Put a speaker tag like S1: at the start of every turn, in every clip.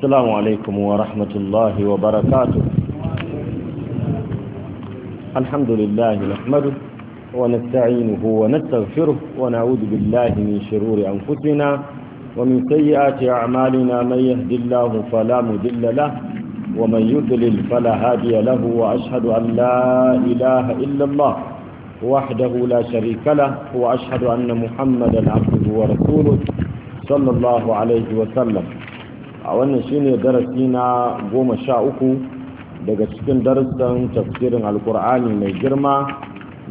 S1: السلام عليكم ورحمة الله وبركاته الحمد لله نحمده ونستعينه ونستغفره ونعوذ بالله من شرور أنفسنا ومن سيئات أعمالنا من يهد الله فلا مذل له ومن يضلل فلا هادي له وأشهد أن لا إله إلا الله وحده لا شريك له وأشهد أن محمدا عبده ورسوله صلى الله عليه وسلم a wannan shine darasi na goma sha uku daga cikin darussan tafsirin alkur'ani mai girma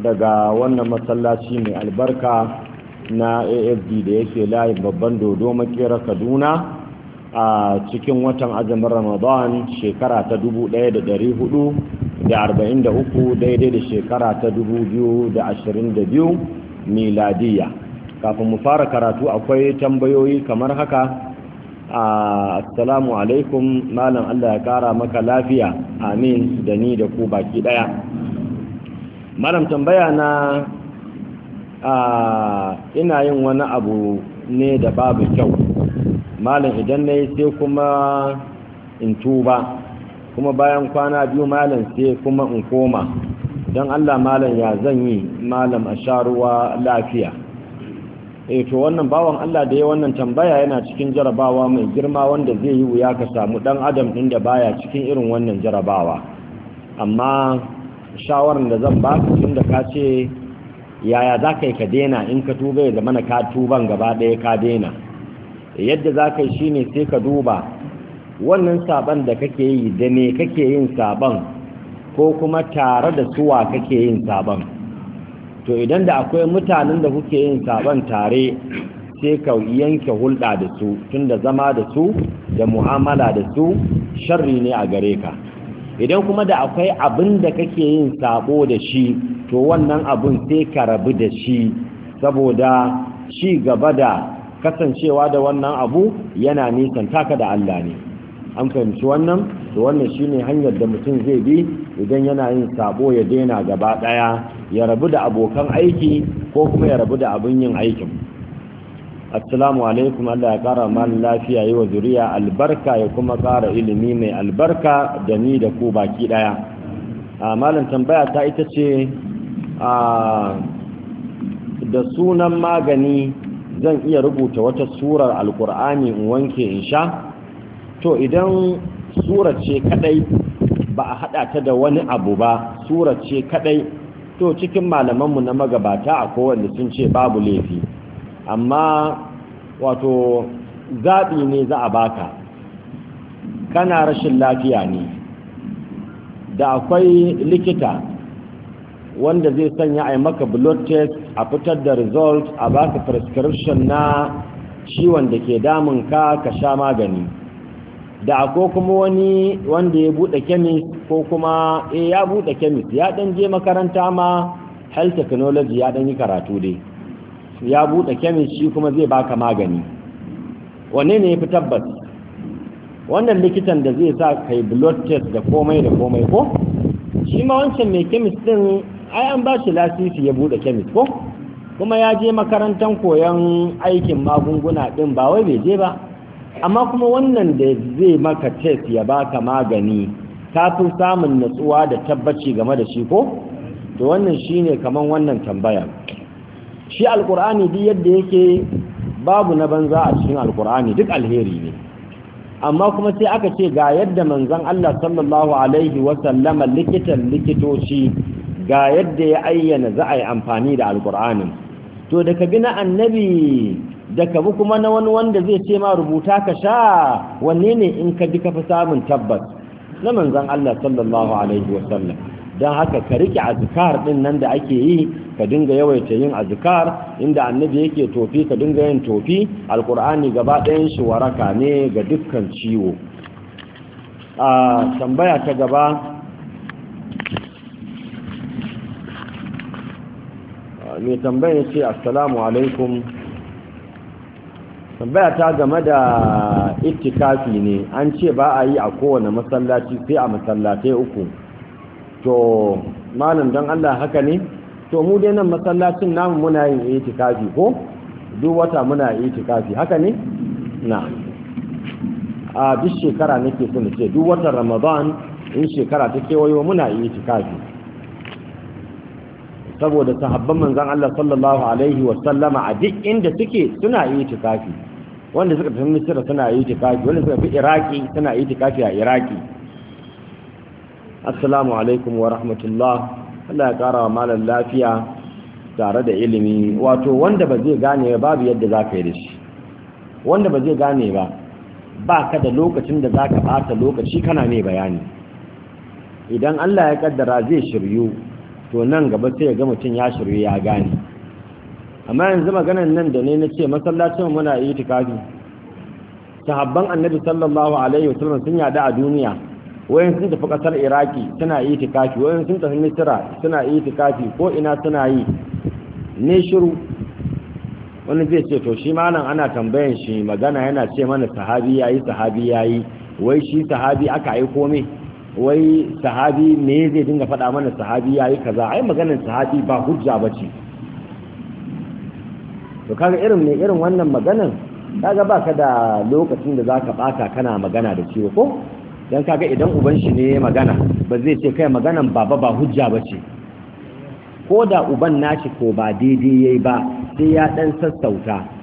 S1: daga wannan masallaci mai albarka na afd da yake layin babban dodo makera kaduna a cikin watan azumin ramadan shekara ta 1443 daidai da shekara ta 2022 miladiya kafin mu fara karatu akwai tambayoyi kamar haka assalamu alaikum malam Allah ya kara maka lafiya amin da ni da ku baki ɗaya. malam tambaya na ina yin wani abu ne da babu kyau malam idan na yi sai kuma in tuba kuma bayan kwana biyu malam sai kuma in koma don Allah malam ya zan yi malam a sharuwa lafiya eh to wannan bawan Allah da ya wannan tambaya yana cikin jarabawa mai girma wanda zai yi wuya ka samu dan adam din da baya cikin irin wannan jarabawa amma shawaran da zan ba ku tunda ka ce yaya za ka yi ka dena in ka tuba ya zama na ka tuban gaba ɗaya ka daina, eh, yadda za ka yi shine sai ka duba wannan saban da kake yi da me kake yin saban ko kuma tare da suwa kake yin saban to idan da akwai mutanen da kuke yin saban tare sai ka yanke hulɗa da su tun da zama da su da mu'amala da su sharri ne a gare ka idan kuma da akwai abin da kake yin sabo da shi to wannan abin sai ka rabu da shi saboda shi gaba da kasancewa da wannan abu yana nisan taka da Allah ne an fahimci wannan to wannan shine hanyar da mutum zai bi idan yana yin sabo ya daina gaba daya ya rabu da abokan aiki ko kuma ya rabu da abin yin aikin assalamu alaikum Allah ya kara malin lafiya yi wa zuriya albarka ya kuma kara ilimi mai albarka da ni da ku baki daya a malin tambaya ta ita ce a da sunan magani zan iya rubuta wata surar alkur'ani in wanke in sha to idan surar ce kadai ba a haɗa ta da wani abu ba sura ce kaɗai to cikin malamanmu na magabata a kowanne sun ce babu laifi amma wato zaɓi ne za a baka kana rashin lafiya ne da akwai likita wanda zai sanya a maka blood test a fitar da result a baka prescription na ciwon da ke damun ka ka sha magani da ko kuma wani wanda ya buɗe kemis ko kuma eh ya buɗe kemis ya dan je makaranta ma health technology ya dan yi karatu dai ya buɗe kemis shi kuma zai baka magani wanne ne ya fi tabbas wannan likitan da zai sa kai blood test da komai da komai ko shi ma wancan mai kemis ɗin ai an ba shi lasisi ya buɗe kemis ko kuma ya je makarantar koyon aikin magunguna ɗin ba wai bai je ba amma kuma wannan da zai maka test ya baka magani ka samun natsuwa da tabbaci game da shi ko to wannan shine kaman wannan tambaya shi alkur'ani duk yadda yake babu na banza a cikin alkur'ani duk alheri ne amma kuma sai aka ce ga yadda manzon Allah sallallahu alaihi wasallama likitan likitoci ga yadda ya ayyana za a yi amfani da alqur'anin to daga bi annabi da ka bi kuma na wani wanda zai ce ma rubuta ka sha wanne ne in ka ji ka fi samun tabbas na manzon Allah sallallahu alaihi wa sallam. don haka ka rike azkar din nan da ake yi ka dinga yawaita yin azkar inda annabi yake tofi ka dinga yin tofi alkur'ani gaba ɗayan shi waraka ne ga dukkan ciwo a tambaya ta gaba mai tambaya ce assalamu alaikum tambaya ta game da itikafi ne an ce ba a yi a kowane masallaci sai a masallatai uku to malam don Allah haka ne to mu dai nan masallacin namu muna yin itikafi ko duk wata muna itikafi haka ne na a duk shekara nake sun ce duk watan ramadan in shekara ta kewayo muna itikafi saboda sahabban manzon Allah sallallahu alaihi wa a duk inda suke suna itikafi wanda suka tafi misira suna yi tikafi wanda suka fi iraki suna yi tikafi a iraki assalamu alaikum wa rahmatullah Allah ya kara wa malar lafiya tare da ilimi wato wanda ba zai gane ba babu yadda za ka yi da shi wanda ba zai gane ba ba ka da lokacin da za ka ɓata lokaci kana mai bayani idan Allah ya kaddara zai shiryu to nan gaba sai ya ga mutum ya shiryu ya gane amma yanzu maganan nan da ne na ce masallacin muna yi tikafi sahabban annabi sallallahu alaihi wasallam sun yada a duniya wayan sun tafi kasar iraki suna yi tikafi wayan sun tafi misira suna yi tikafi ko ina suna yi ne shiru wani zai ce to shi malam ana tambayan shi magana yana ce mana sahabi yayi sahabi yayi wai shi sahabi aka yi kome wai sahabi me zai dinga faɗa mana sahabi yayi kaza ai maganar sahabi ba hujja bace to kaga irin ne irin wannan maganan kaga baka da lokacin da zaka baka kana magana da ciwo ko dan kaga idan uban shi ne magana ba zai ce kai maganan baba ba hujja ba ce? ko da uban nashi ko ba daidai yayi ba sai ya dan sassauta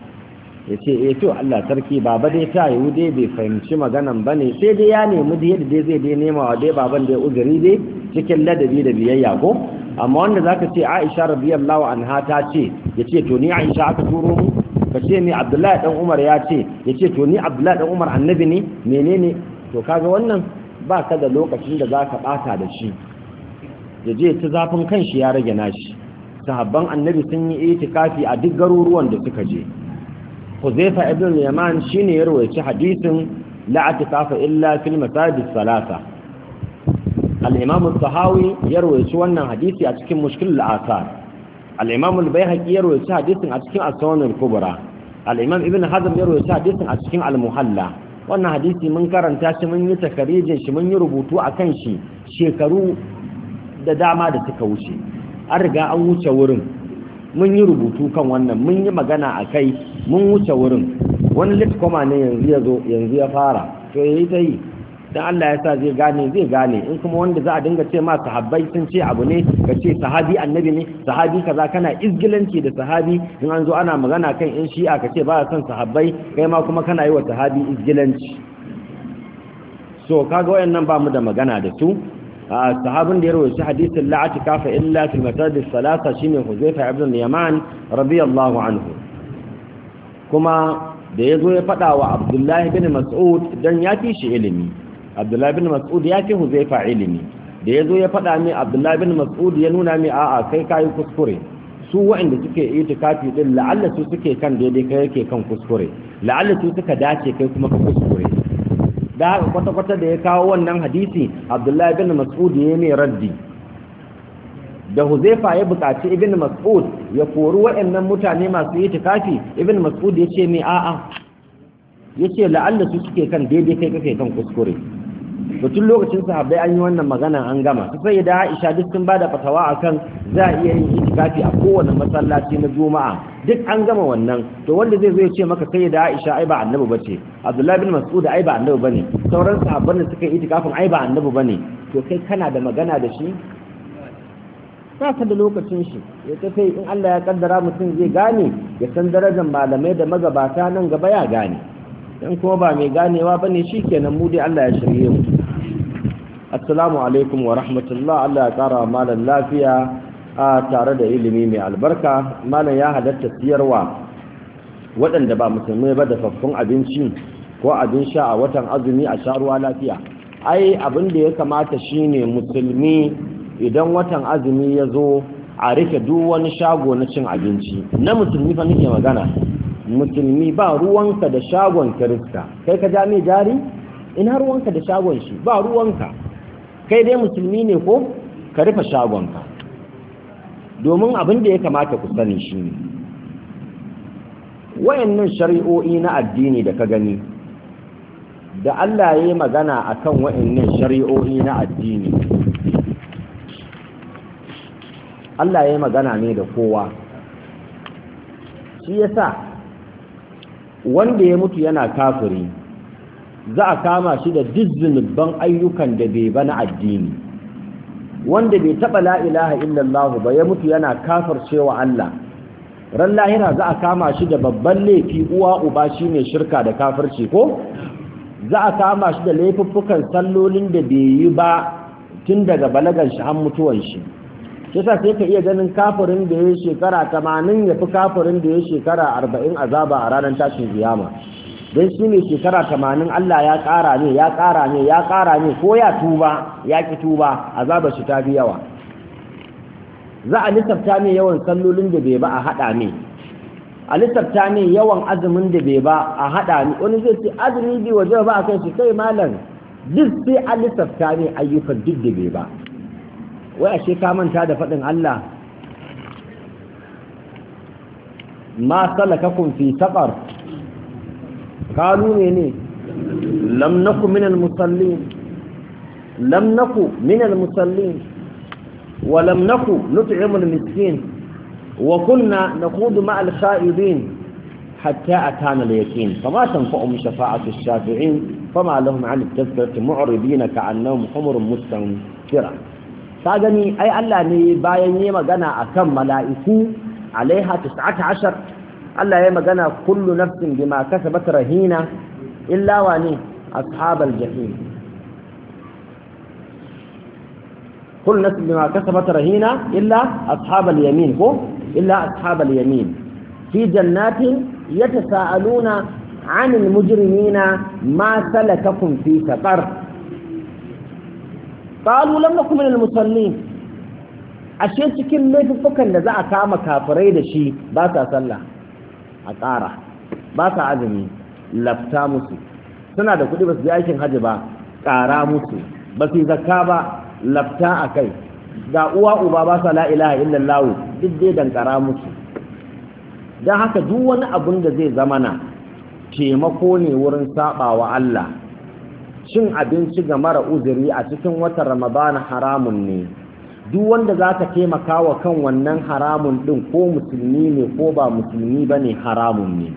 S1: ya ce e eh to Allah sarki baba dai ta yiwu dai bai fahimci maganan ba ne sai dai ya nemi da yadda dai zai dai nema wa dai baban da ya uzuri dai cikin ladabi da biyayya ko amma wanda zaka ce Aisha radiyallahu anha ta ce ya ce to ni Aisha aka turo mu ka ce ni Abdullahi dan Umar ya ce Ya ce to ni Abdullahi dan Umar annabi ne menene to kaga wannan ba ka da lokacin da zaka bata da shi Ya je ta zafin kanshi ya rage nashi sahabban annabi sun yi itikafi a duk garuruwan da suka je huzaifa ibn yaman shine ya rawaici hadisin la atikafa illa fil masajid salasa al-imam as-sahawi ya rawaici wannan hadisi a cikin mushkil al al-imam al-baihaqi ya rawaici hadisin a cikin as-sunan al-kubra al-imam ibn hazm ya rawaici hadisin a cikin al-muhalla wannan hadisi mun karanta shi mun yi takarijin shi mun yi rubutu akan shi shekaru da dama da suka wuce an riga an wuce wurin mun yi rubutu kan wannan mun yi magana akai mun wuce wurin wani litkoma ne yanzu ya zo yanzu ya fara to yayi ta yi dan Allah ya sa zai gane zai gane in kuma wanda za a dinga ce ma sahabbai sun ce abu ne ka ce sahabi annabi ne sahabi kaza kana izgilanci da sahabi in an zo ana magana kan in shi'a ka ce ba son sahabbai kai ma kuma kana yi wa sahabi izgilanci so kaga wayannan ba mu da magana da su sahabin da ya rawaita hadisin la'ati kafa illa fil matadis salasa shine huzaifa ibn yaman radiyallahu anhu kuma da ya zo ya faɗa wa abdullahi bin mas'ud don ya fi shi ilimi abdullahi bin mas'ud ya fi huzaifa ilimi da ya zo ya faɗa mai abdullahi bin mas'ud ya nuna mai a'a kai kayi kuskure su waɗanda suke yi ɗin la'alla su suke kan daidai kai yake kan kuskure la'alla su suka dace kai kuma ka kuskure da haka kwata-kwata da ya kawo wannan hadisi abdullahi bin mas'ud ya yi mai raddi da huzaifa ya buƙaci ibn mas'ud ya kori waɗannan mutane masu itikafi ibn mas'ud ya ce mai a'a ya ce la'alla su suke kan daidai kai kake kan kuskure tun lokacin sahabbai an yi wannan magana an gama su sai da aisha duk sun bada fatawa akan za a iya yin itikafi a kowane masallaci na juma'a duk an gama wannan to wanda zai zo ya ce maka sai da aisha ai ba annabi bace abdullahi bin mas'ud ai ba annabi bane sauran sahabban da suka yi itikafin ai ba annabi bane to kai kana da magana da shi ba da lokacin shi ya sai in Allah ya kaddara mutum zai gane ya san darajar malamai da magabata nan gaba ya gane in kuma ba mai ganewa bane kenan mu dai Allah ya shirye mu assalamu alaikum wa rahmatullah Allah ya kara malam lafiya a tare da ilimi mai albarka malam ya halatta siyarwa waɗanda ba musulmai ba da faffun abinci ko abin sha a watan azumi a sha ruwa lafiya ai abin da ya kamata shine musulmi idan watan azumi ya zo a rike duk wani shago na cin abinci na musulmi fa nake magana musulmi ba ruwanka da shagon kirista kai ka ja mai jari ina ruwanka da shagon shi ba ruwanka kai dai musulmi ne ko ka rufe shagonka domin abin da ya kamata ku sani shi ne wayannan shari'o'i na addini da ka gani da Allah ya yi magana akan wayannan shari'o'i na addini Allah ya yi magana ne da kowa shi yasa wanda ya mutu yana kafiri za a kama shi da duk ayyukan da bai ba na addini wanda bai taɓa la ilaha illallah ba ya mutu yana kafar cewa Allah ran lahira za a kama shi da babban laifi uwa uba shine shirka da kafirci ko za a kama shi da laifuffukan sallolin da bai yi ba tun daga balagan shi har mutuwan shi yasa sai ka iya ganin kafirin da ya shekara tamanin ya fi kafirin da ya shekara arba'in azaba a ranar tashin ziyama don shi ne shekara tamanin Allah ya ƙara ne ya ƙara ne ya ƙara ne ko ya tuba ya ki tuba zaba shi ta fi yawa za a lissafta ne yawan sallolin da bai ba a haɗa ne a lissafta ne yawan azumin da bai ba a haɗa ne wani zai ce azumi bai waje ba a kai shi kai malam duk sai a lissafta ne ayyukan duk da bai ba wai ashe ka manta da faɗin Allah ma salakakum fi saqar kalu ne lam naku minal musallin lam naku minal musallin wa lam naku nut'imul miskin wa kunna naqudu ma'al kha'idin حتى أتانا um فما تنفعهم shafiin fama lahum 'an al التذكرة mu'ridin ka'annahum humurun مستنفرة Ta gani ai Allah ne bayan yi magana akan mala'iku alaiha 19 Allah ya magana kullu nafsin bima kasabat rahina illa wani ashabal jahim kullu nafsin bima kasabat rahina illa ashabal yamin ko illa ashabal yamin fi jannatin yatasaaluna 'anil mujrimina ma salakakum fi taɓar. قالوا لم نكن من المصلين ashe cikin laifukan da za a kama kafirai da shi ba sa sallah a ƙara ba sa azumi lafta musu suna da kuɗi ba su yi aikin hajji ba ƙara musu ba su zakka ba lafta a kai ga uwa uba ba sa la'ilaha illallahu duk dai dankara musu don haka duk wani abun da zai zamana taimako ne wurin saɓawa Allah cin abinci ga mara uzuri a cikin watan ramadana haramun ne duk wanda zaka taimaka wa kan wannan haramun ɗin ko musulmi ne ko ba musulmi ba ne haramun ne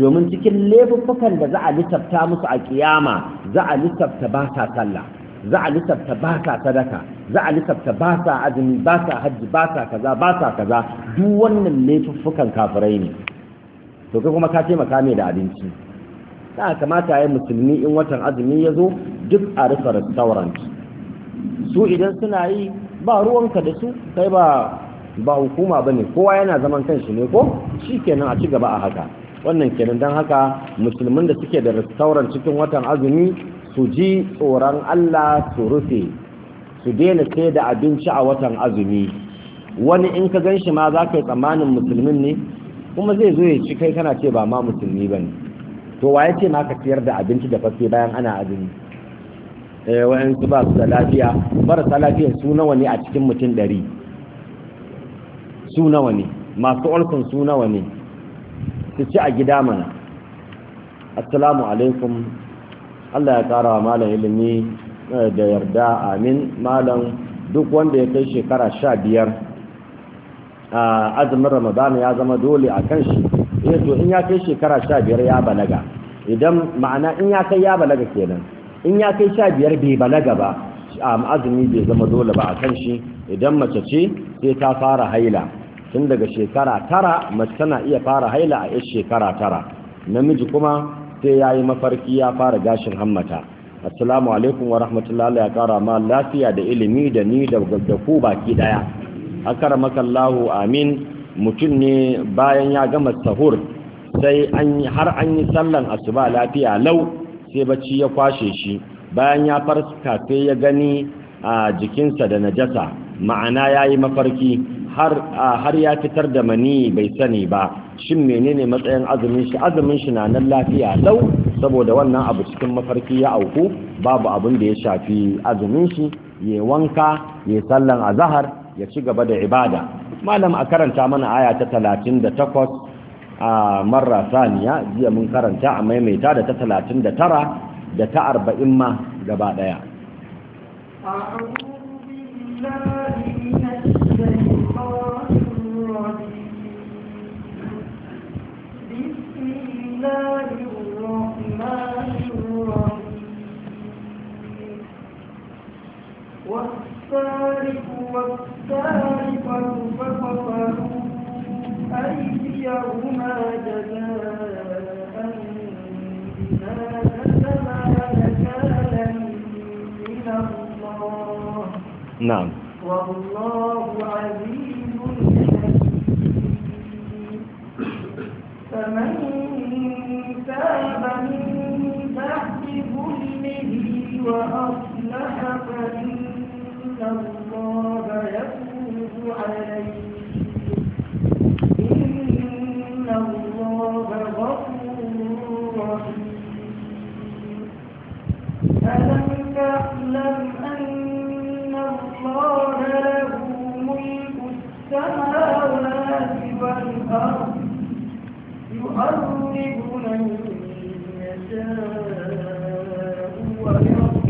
S1: domin cikin laifukan da za a litafta musu a kiyama za a litafta ba ta sallah za a litafta ba ta sadaka za a litafta ba sa azumi ba sa hajji ba sa kaza ba sa kaza duk wannan laifukan kafirai ne to kai kuma ka taimaka mai da abinci aka kamata ya musulmi in watan azumi ya zo duk a rufe restaurant su idan suna yi ba ruwanka da su sai ba ba hukuma bane ne kowa yana zaman kanshi ne ko shi kenan a ci gaba a haka wannan kenan don haka musulmin da suke da restaurant cikin watan azumi su ji tsoron allah su rufe su daina sai da abinci a watan azumi wani in ka gan shi ma za ka yi tsammanin musulmin ne kuma zai zo ya ci kai kana ce ba ma musulmi ba ne to waye ce ma ka ciyar da abinci da fasfe bayan ana azumi eh wayansu ba su da lafiya marasa lafiya su nawa ne a cikin mutum ɗari su nawa ne masu olsun su nawa ne su ci a gida mana assalamu alaikum Allah ya kara wa malam ilimi eh, da yarda amin malam duk wanda ya kai shekara sha biyar a ah, azumin ramadana ya zama dole a kan shi sai eh, to in ya kai shekara sha biyar ya balaga idan ma'ana in ya kai ya balaga kenan in ya kai sha biyar bai balaga ba azumi bai zama dole ba a kan shi idan mace ce sai ta fara haila tun daga shekara tara mace tana iya fara haila a yar shekara tara namiji kuma sai ya yi mafarki ya fara gashin hammata assalamu alaikum wa rahmatullahi ya kara ma lafiya da ilimi da ni da ku baki daya akara makallahu amin mutum ne bayan ya gama sahur sai har an yi sallan asuba lafiya lau sai bacci ya kwashe shi bayan ya farka sai ya gani a jikinsa da najasa ma'ana ya yi mafarki har ya fitar da mani bai sani ba shin menene matsayin azumin shi azumin shi na nan lafiya lau saboda wannan abu cikin mafarki ya auku babu abin da ya shafi azumin shi ya wanka ya sallan azahar ya ci gaba da ibada malam a karanta mana aya ta talatin da takwas a marra saniya jiya mun karanta a maimaita da ta 39 da ta arba'in ma gaba daya
S2: بسم والسارق والسارقة فقطعوا أيديهما جزاء بما كسبا نكالا من نعم. الله نعم والله عزيز حكيم فمن تاب من بعد ظلمه وأرض الله يتوب إن الله غفور رحيم ألم تعلم أن الله له ملك السماوات والأرض يؤرب من يشاء ويغفر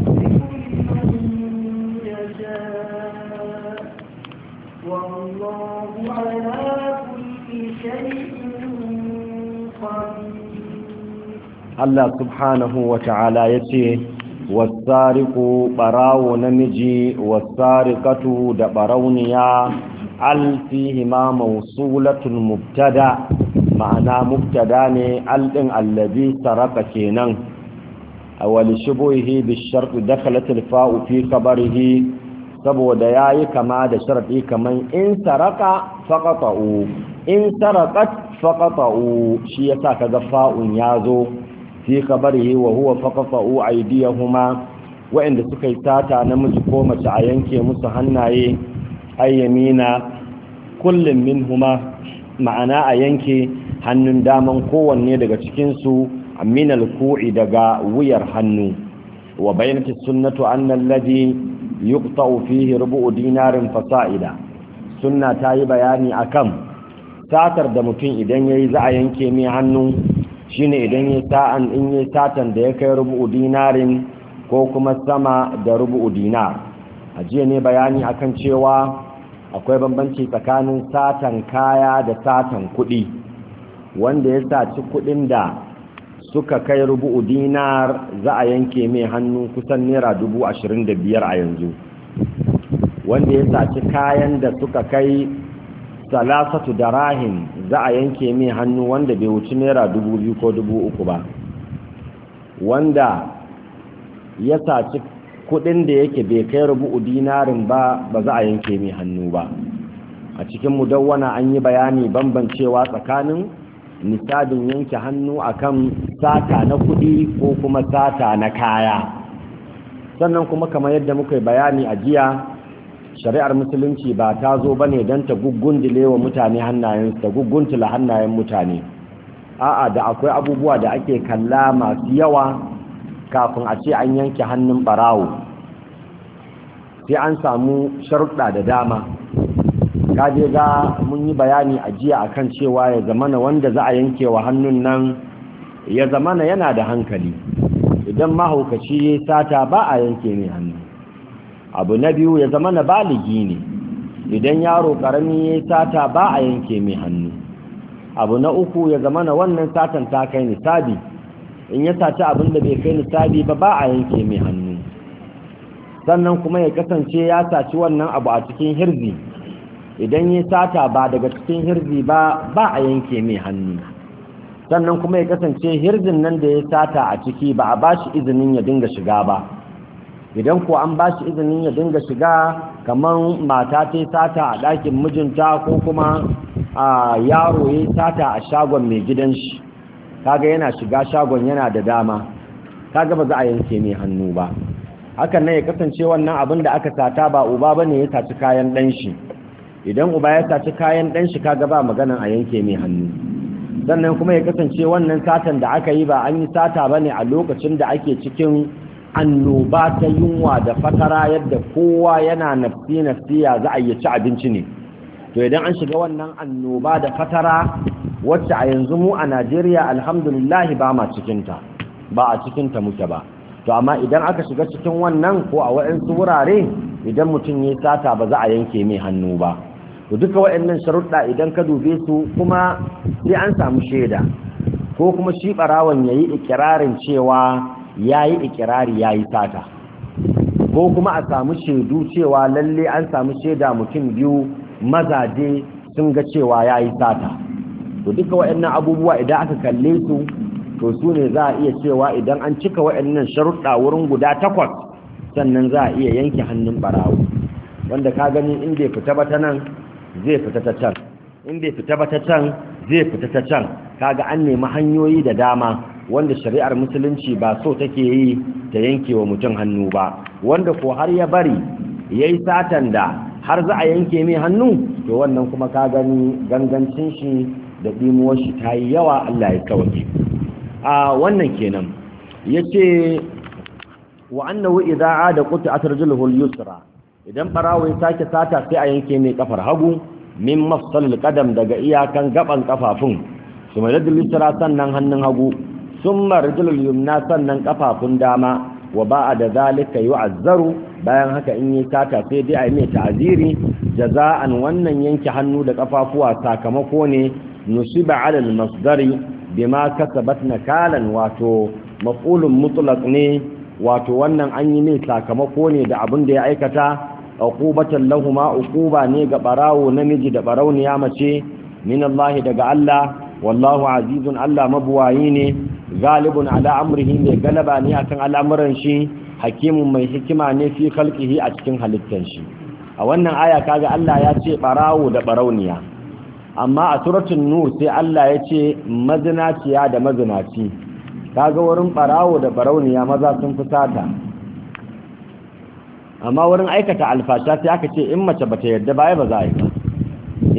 S1: Allah subhanahu wa ta'ala ya ce wasariku ɓarawo namiji wasarikatu da ɓarauniya alfihima mausulatun mubtada ma'ana mubtada ne alɗin allabi saraka kenan a wali shubuhi bishartu dakalatul fa'u fi kabarihi saboda yayi kama da sharɗi kamar in saraka faqata'u in sarakat faqata'u shi ka kaga fa'un zo. fi kabarihi wa huwa aidiya aydiyahuma wa'inda suka yi tata namiji ko mace a yanke musu hannaye ayyamina kullum huma ma'ana a yanke hannun daman kowanne daga cikinsu min ku'i daga wuyar hannu wa bayyanta sunnatu annal ladhi yuqta'u fihi rubu'u dinarin fasa'ida sunna ta yi bayani akan satar da mutum idan yayi za a yanke mai hannu shine idan yi sa'an in yi satan da ya kai rubu'u dinarin ko kuma sama da rubu'u dinar a jiya ne bayani akan cewa akwai bambanci tsakanin satan kaya da satan kuɗi wanda ya saci kuɗin da suka kai rubu'u dinar za a yanke mai hannu kusan naira dubu ashirin da biyar a yanzu wanda ya saci kayan da suka kai salasatu da rahin. za a yanke min hannu wanda bai wuce naira dubu biyu ko dubu uku ba wanda ya saci kudin da yake bai kai rubu'u dinarin ba ba za a yanke min hannu ba a cikin mudawwana an yi bayani bambancewa tsakanin nisabin yanke hannu akan sata na kudi ko kuma sata na kaya sannan kuma kamar yadda muka yi bayani a jiya shari'ar musulunci ba ta zo ba ne don ta gugundule wa mutane hannayen ta guguntula hannayen mutane a'a da akwai abubuwa da ake kalla masu yawa kafin a ce an yanke hannun barawo sai an samu sharuɗa da dama Ka je ga mun yi bayani a jiya akan cewa ya zamana wanda za a yanke wa hannun nan ya zamana yana da hankali idan mahaukaci sata ba a yanke ne hannu abu na biyu ya zama na baligi ne idan yaro karami ya yi sata ba a yanke mai hannu abu na uku ya zama na wannan satan ta kai nisabi in ya saci abin da bai kai nisabi ba ba a yanke mai hannu sannan kuma ya kasance ya saci wannan abu a cikin hirzi idan ya sata ba daga cikin hirzi ba ba a yanke mai hannu sannan kuma ya kasance hirzin nan da ya sata a ciki ba a ba shi izinin ya dinga shiga ba idan ko an ba shi izinin ya dinga shiga kamar mata ta sata a ɗakin mijinta ko kuma a yaro ya sata a shagon mai gidan shi kaga yana shiga shagon yana da dama kaga ba za a yanke mai hannu ba hakan nan ya kasance wannan abin da aka sata ba uba bane ya saci kayan ɗan shi idan uba ya saci kayan ɗan shi kaga ba maganan a yanke mai hannu sannan kuma ya kasance wannan satan da aka yi ba an yi sata bane a lokacin da ake cikin annoba ta yunwa da fatara yadda kowa yana nafsi ya za a yi ci abinci ne to idan an shiga wannan annoba da fatara wacce a yanzu mu a Najeriya alhamdulillah ba ma cikinta ba a cikinta muke ba to amma idan aka shiga cikin wannan ko a waɗansu wurare idan mutum ya sata ba za a yanke mai hannu ba to duka waɗannan sharuɗa idan ka dube su kuma sai an samu shaida ko kuma shi ɓarawon ya yi ikirarin cewa Yayi ikirari ya yi sata ko kuma a samu shaidu cewa lalle an samu shaida mutum biyu mazaje sun ga cewa ya yi sata to duka waɗannan abubuwa idan aka kalle su to su ne za a iya cewa idan an cika waɗannan sharuɗa wurin guda takwas sannan za a iya yanke hannun barawo wanda ka gani in bai fita ba ta nan zai fita ta can in bai fita ba ta can zai fita ta can kaga an nemi hanyoyi da dama wanda shari'ar musulunci ba so take yi ta yanke wa mutum hannu ba wanda ko har ya bari ya yi satan da har za a yanke mai hannu to wannan kuma ka gani gangancin shi da ɗimuwar shi ta yi yawa Allah ya kawai a wannan kenan ya ce wa annahu idza da kuta a al-yusra idan barawo ya sake sata sai a yanke mai kafar hagu min mafsal kadam daga iyakan gaban kafafun su mai da sannan hannun hagu summa rijlul yumna sannan kafafun dama wa ba'a da zalika yi yu'azzaru bayan haka in yi sata sai dai a yi mai ta'aziri jaza'an wannan yanki hannu da kafafuwa sakamako ne nusiba 'ala al-masdari bima kasabat kalan wato maf'ulun mutlaq ne wato wannan an yi ne sakamako ne da abin da ya aikata uqubatan lahuma ukuba ne ga barawo namiji da barauniya mace min Allah daga Allah wallahu azizun Allah mabuwayi ne galibun ala amrihi mai galaba ne akan al'amuran shi hakimun mai hikima ne fi kalkihi a cikin halittar shi a wannan aya kaga Allah ya ce barawo da barauniya amma a turatun nur sai Allah ya ce mazinaciya da mazinaci kaga wurin barawo da barauniya maza sun fusata amma wurin aikata alfasha sai aka ce in mace bata yarda ba ba za a yi ba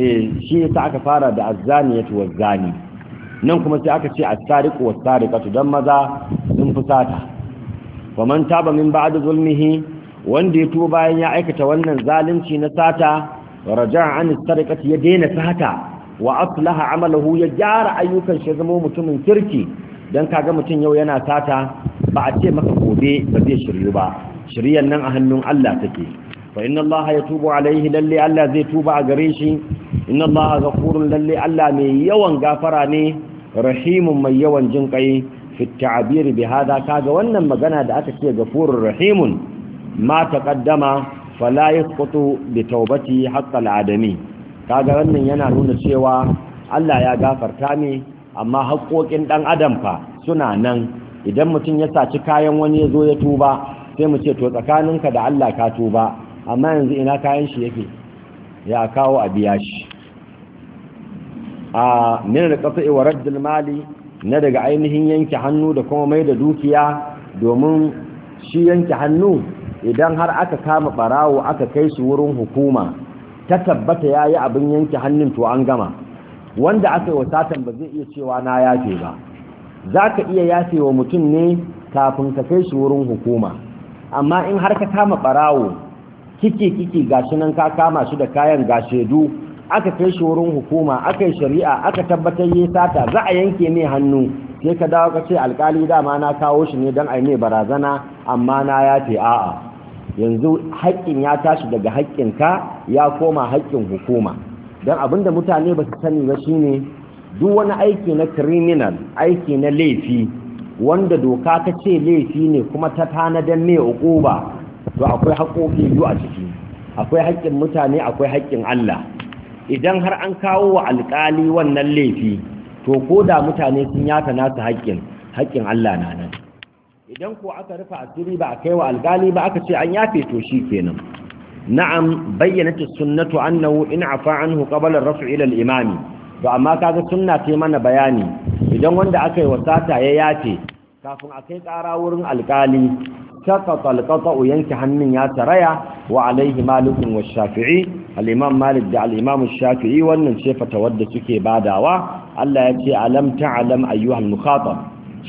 S1: eh shi ta aka fara da azzaniyatu wazzani nan kuma sai aka ce a sariqu wa sariqatu dan maza sun fi fusata faman taba min da zulmihi wanda ya tuba bayan ya aikata wannan zalunci na sata raja an as ya daina sata wa aslaha amalahu ya gyara ayyukan shi zama mutumin kirki dan kaga mutum yau yana sata ba a ce maka gobe ba zai shiryu ba shiryan nan a hannun Allah take fa inna Allah yatubu alaihi lalle Allah zai tuba a gare shi inna Allah ghafurun lalle Allah mai yawan gafara ne rahimun mai yawan jin kai fitta ta'abir bi hada kaga wannan magana da aka ce gafurur rahimun ma taqaddama fala yasqutu bi tawbati haqqal adami kaga wannan yana nuna cewa Allah ya gafarta ne amma haƙoƙin ɗan adam fa suna nan idan mutum ya saci kayan wani ya zo ya tuba sai mu ce to tsakaninka da Allah ka tuba amma yanzu ina kayan shi yake ya kawo a biya shi a min alqati wa radd mali na daga ainihin yanke hannu da kuma mai da dukiya domin shi yanke hannu idan har aka kama barawo aka kai su wurin hukuma ta tabbata yayi abin yanke hannun to an gama wanda aka yi satan ba zai iya cewa na yafe ba za ka iya yafe wa mutum ne kafin ka kai shi wurin hukuma amma in har ka kama barawo kike kike gashi nan ka kama shi da kayan gashedu aka kai shi wurin hukuma aka yi shari'a aka tabbatar yi sata za a yanke ne hannu sai ka dawo ka ce alkali dama na kawo shi ne don a yi barazana amma na ya ce a'a yanzu haƙƙin ya tashi daga haƙƙin ka ya koma haƙƙin hukuma don abin da mutane ba su sani ba shine duk wani aiki na criminal aiki na laifi wanda doka ta ce laifi ne kuma ta tanadan mai uquba to akwai haƙoƙi biyu a ciki akwai haƙƙin mutane akwai haƙƙin Allah idan har an kawo wa alƙali wannan laifi to ko da mutane sun yata nasu haƙƙin haƙƙin Allah na nan idan ko aka rufe asiri ba a kai wa alƙali ba aka ce an yafe to shi kenan na'am bayyanat sunnatu annahu in afa anhu qabla ar-raf' ila al-imami to amma kaga sunna ce mana bayani idan wanda aka yi wasata ya yafe kafin a kai ƙara wurin alƙali ta al-qata'u yanki hannun ya taraya wa alaihi malikun wa shafi'i al'imam malik da al'imam shafi'i wannan ce fatawar da suke badawa Allah ya ce alam ta'alam ayyuhal mukhatab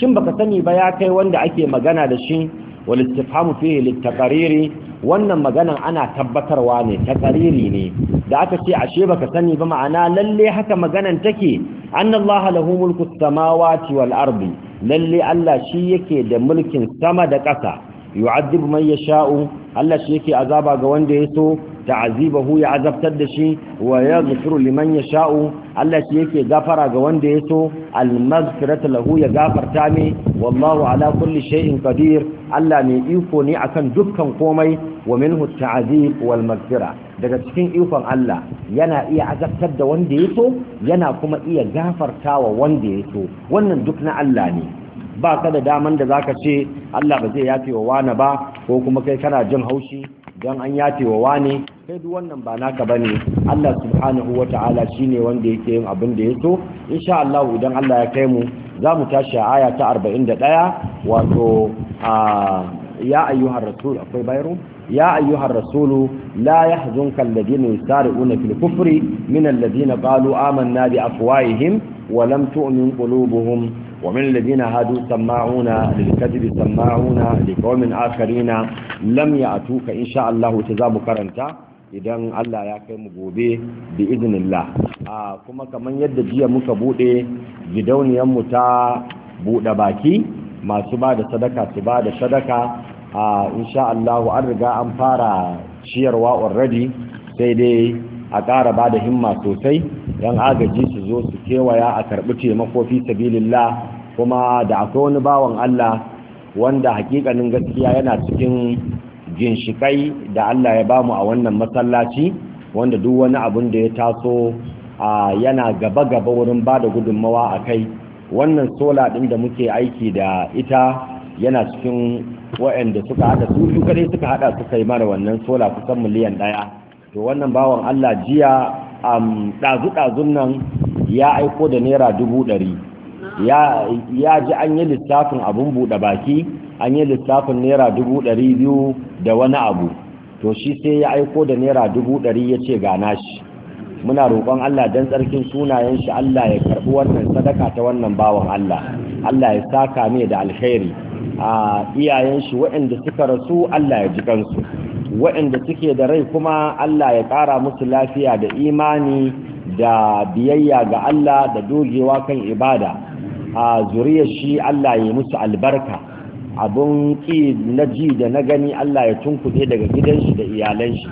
S1: shin baka sani ba ya kai wanda ake magana da shi wal istifhamu fiye litaqariri wannan maganan ana tabbatarwa ne taqariri ne da aka ce ashe baka sani ba ma'ana lalle haka maganan take annallaha lahu mulku samawati wal ardi lalle Allah shi yake da mulkin sama da ƙasa yu'adhibu man yasha'u Allah shi yake azaba ga wanda ya so ta'azibahu ya azabtar da shi wa yaghfiru liman yasha'u Allah shi yake gafara ga wanda ya so al-maghfiratu lahu ya gafarta ne. wallahu ala kulli shay'in qadir Allah mai iko ne akan dukkan komai wa minhu ta'azib wal maghfira daga cikin ikon Allah yana iya azabtar da wanda ya so yana kuma iya gafartawa wanda ya so wannan duk na Allah ne ba ka da daman da zaka ce Allah ba zai yafe wa wani ba ko kuma kai kana jin haushi don an yafe wa wani kai duk wannan ba naka ba ne. Allah subhanahu shi shine wanda yake yin abin da ya so insha Allah idan Allah ya kai mu za mu tashi a aya ta 41 wato ya ayyuhar rasul akwai bayro يا أيها الرسول لا يحزنك الذين يسارعون في الكفر من الذين قالوا آمنا بأفواههم ولم تؤمن قلوبهم ومن الذين هادوا سماعون للكذب سماعون لقوم آخرين لم يأتوك إن شاء الله تزام كرنتا idan Allah ya kai mu gobe bi iznillah a kuma kamar yadda jiya muka bude gidauniyar mu ta bude baki masu ba da sadaka su ba da sadaka a insha Allah an riga an fara ciyarwa already sai dai a ƙara ba da himma sosai dan agaji su zo su kewaya a karɓi taimako fi sabilillah kuma da akwai wani bawan Allah wanda hakikanin gaskiya yana cikin ginshikai da Allah ya bamu a wannan masallaci wanda duk wani abun da ya taso yana gaba-gaba wurin ba da gudunmawa a kai wannan sola ɗin da muke aiki da ita yana cikin waɗanda suka haɗa su su dai suka haɗa suka yi mara wannan sola kusan miliyan ɗaya to wannan bawan Allah jiya ɗazu-ɗazun nan ya aiko da naira dubu ɗari ya ji an yi littafin abun buɗe baki an yi littafin naira dubu ɗari biyu da wani abu to shi sai ya aiko da naira dubu ɗari ya ce gana shi muna roƙon Allah don tsarkin sunayen shi Allah ya karɓi wannan sadaka ta wannan bawan Allah Allah ya saka ne da alkhairi a iyayen shi waɗanda suka rasu Allah ya ji kansu waɗanda suke da rai kuma Allah ya ƙara musu lafiya da imani da biyayya ga Allah da dogewa kan ibada a zuriyar shi Allah ya musu albarka abun ki na ji da na gani Allah ya tunkuɗe daga gidan shi da iyalan shi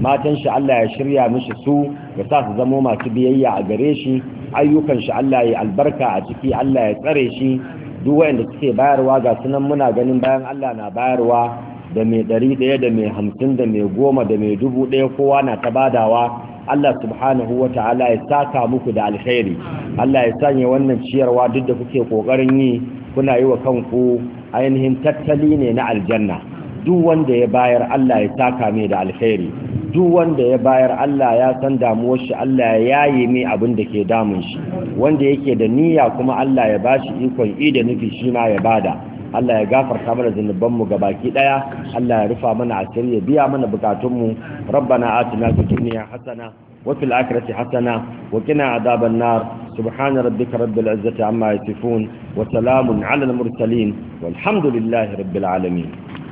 S1: matan shi Allah ya shirya mishi su ga sa su zamo masu biyayya a gare shi ayyukan shi Allah ya albarka a ciki Allah ya tsare shi duk wanda suke bayarwa ga sunan muna ganin bayan Allah na bayarwa da mai ɗari ɗaya da mai hamsin da mai goma da mai dubu ɗaya kowa na ta badawa Allah subhanahu wa ta'ala ya saka muku da alheri. Allah ya sanya wannan ciyarwa duk da kuke kokarin yi kuna yi wa kanku ainihin tattali ne na aljanna duk wanda ya bayar Allah ya saka mai da alheri. duk wanda ya bayar Allah ya san damuwar shi Allah ya yaye mai abin da ke damun shi wanda yake da niyya kuma Allah ya bashi ikon ida nufi shi ma ya bada Allah ya gafarta mana zunubanmu ga baki daya Allah ya rufa mana asiri ya biya mana bukatunmu rabbana atina fid dunya hasana wa fil akhirati hasana wa qina adhaban nar subhana rabbika rabbil izzati amma yasifun wa salamun ala al mursalin walhamdulillahi rabbil alamin